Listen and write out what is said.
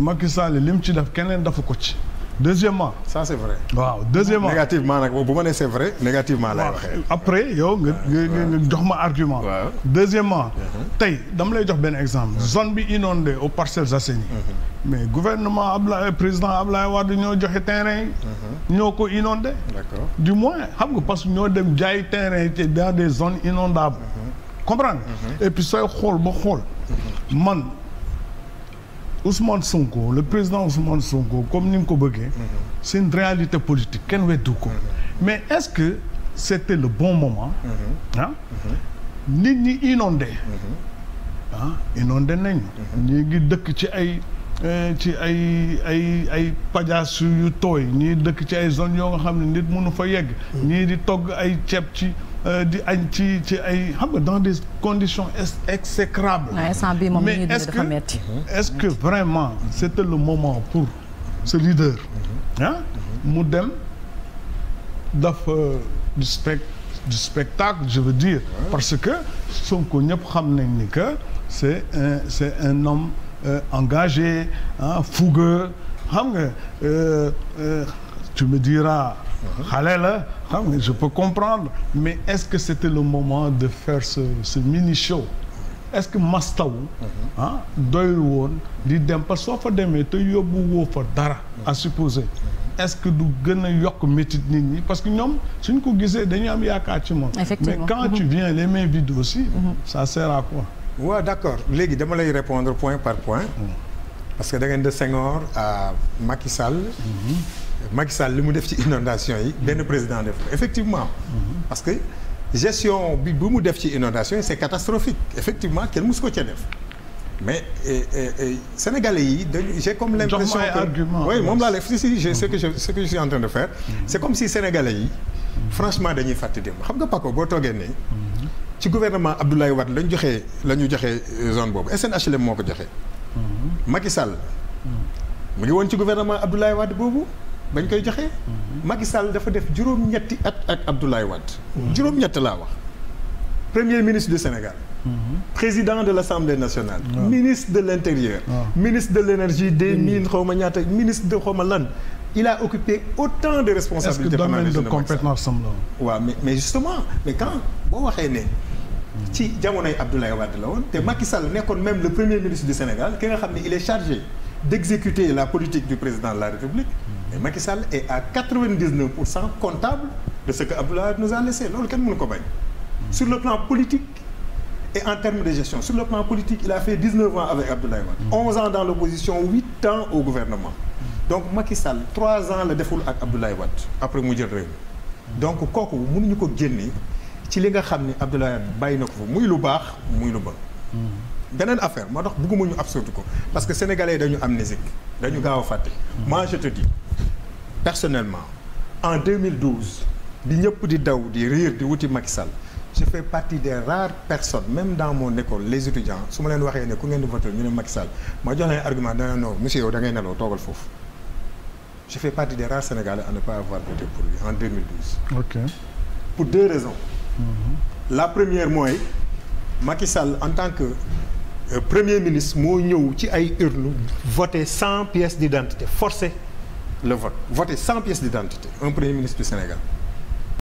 Macky Sall li mu ci def keneen dafa ko ci. deuxièmement ça c'est vrai. waaw deuxièmement négativement nag bu ma nee c'est vrai négativement lay waxee. après yow nga nga jox ma argument. waaw deuxièmement. Uh-huh. tey dama lay jox benn exemple. Uh-huh. zone bi au aux Parcelles Assainies. Uh-huh. mais gouvernement Ablaye président Ablaye Wade ñoo joxe terrain yi. ñoo ko inondé. d'accord du moins xam nga parce que ñoo dem jaay terrain yi te dans des zone inondables. comprendre et puis sooy xool ba xool man. Ousmane Sonko le président Ousmane Sonko comme ni nga ko bëggee. Mhm. c'est une réalité politique kenn weddu ko. Mhm. mais est-ce que c'était le bon moment. Mhm. Ah? nit ñi inondé. ah inondé nañu. ñii ngi dëkk ci ay euh, ci ay ay ay pajaas yu tooy ñii dëkk ci ay zones yoo nga xam ne nit mënu fa yegg. ñii di togg ay ceeb ci. Euh, di añ ci ci ay xam dans des conditions exécrables mais est-ce que est-ce que vraiment c'était le moment pour ce leader ah mu dem daf euh, du spec du spectacle je veux dire parce que Sonko ñëpp xam nañ ni que c'est un c'est un homme euh, engagé ah fougueux xam nga tu me diras xale la xam nga je peux comprendre mais est-ce que c'était le moment de faire ce ce mini show est-ce que mastawu ah mhm. doyul woon di dem parce soo fa demee te yóbbu woo fa dara à supposer mhm. est-ce que du gën a yokk métit nit ñi parce que ñoom suñ ko gisee dañu am yaakaar ci moom mais quand mm tu mhm. viens les mains vides aussi mm -hmm. ça sert à quoi waaw ouais, d'accord léegi dama lay répondre point par point parce que da de Senghor à Macky Sall. Mhm. Macky Sall li mu def ci inondation yi benn mhm. président def ko effectivement. Mhm. parce que gestion bi bu mu def ci inondation yi c' est catastrophique effectivement kenn musu ko ca def. mais et, et, et, sénégalais yi dañu j'ai comme l'impression que oui moom laa la si si ce que je de faire c'est comme si sénégalais yi franchement dañuy fàtte démb xam nga Paco boo toogee nii ci gouvernement Abdoulaye Wade lañ joxee la ñu joxee zone boobu SNHLM moo ko joxee Macky Sall mu ngi woon ci gouvernement Abdoulaye Wade boobu bañ koy joxe. Macky Sall dafa def juróom-ñetti at ak Abdoulaye Wade. juróom-ñett laa wax. premier ministre du Sénégal. président de l' assemblée nationale. ministre de l' intérieur. ministre de l' énergie des mines xaw ma ñaata ministre de xaw ma lan. il a occupé autant de responsabilités. est-ce que domaine de compétence am la waaw mais mais justement mais quand boo waxee ne. ci jamonoy Abdoulaye Wade la woon te Macky Sall nekkoon même le premier ministre du Sénégal ki nga xam ne il est chargé d'exécuter la politique du président de la République mais Macky Sall est à 99 pour cent comptable de ce que Abdoulaye Wade nous a laissé loolu kenn mënu ko bañ sur le plan politique et en termes de gestion sur le plan politique il a fait 19 ans avec Abdoulaye Wade 11 mm. ans dans l'opposition 8 ans au gouvernement donc Macky Sall ans la deful ak Abdoulaye Wade après mu jël réew donc kooku mënuñu ko génne ci li nga xam ni Abdoulaye bàyyi na ko fa muy lu baax muy lu bon. Hmm. beneen affaire moo tax bëgguma ñu absoudre ko parce que sénégalais dañu am amnésique dañu gaaw a fàtte. moi je te dis personnellement en 2012 di ñëpp di daw di riir di wuti Macky Sall je fais partie des rares personnes même dans mon école les étudiants su ma leen waxee ne ku ngeen di voté ñu ne Macky ma jox leen argument dana non monsieur yow da ngay neloo toogal foofu. je fais partie des rares Sénégalais à ne pas avoir voté pour lui en 2012. ok la première mooy Macky en tant que euh, première ministre moo ñëw ci ay urne voté cent pièces d'identité forcé le vote voté cent pièces d'identité un premier ministre du Sénégal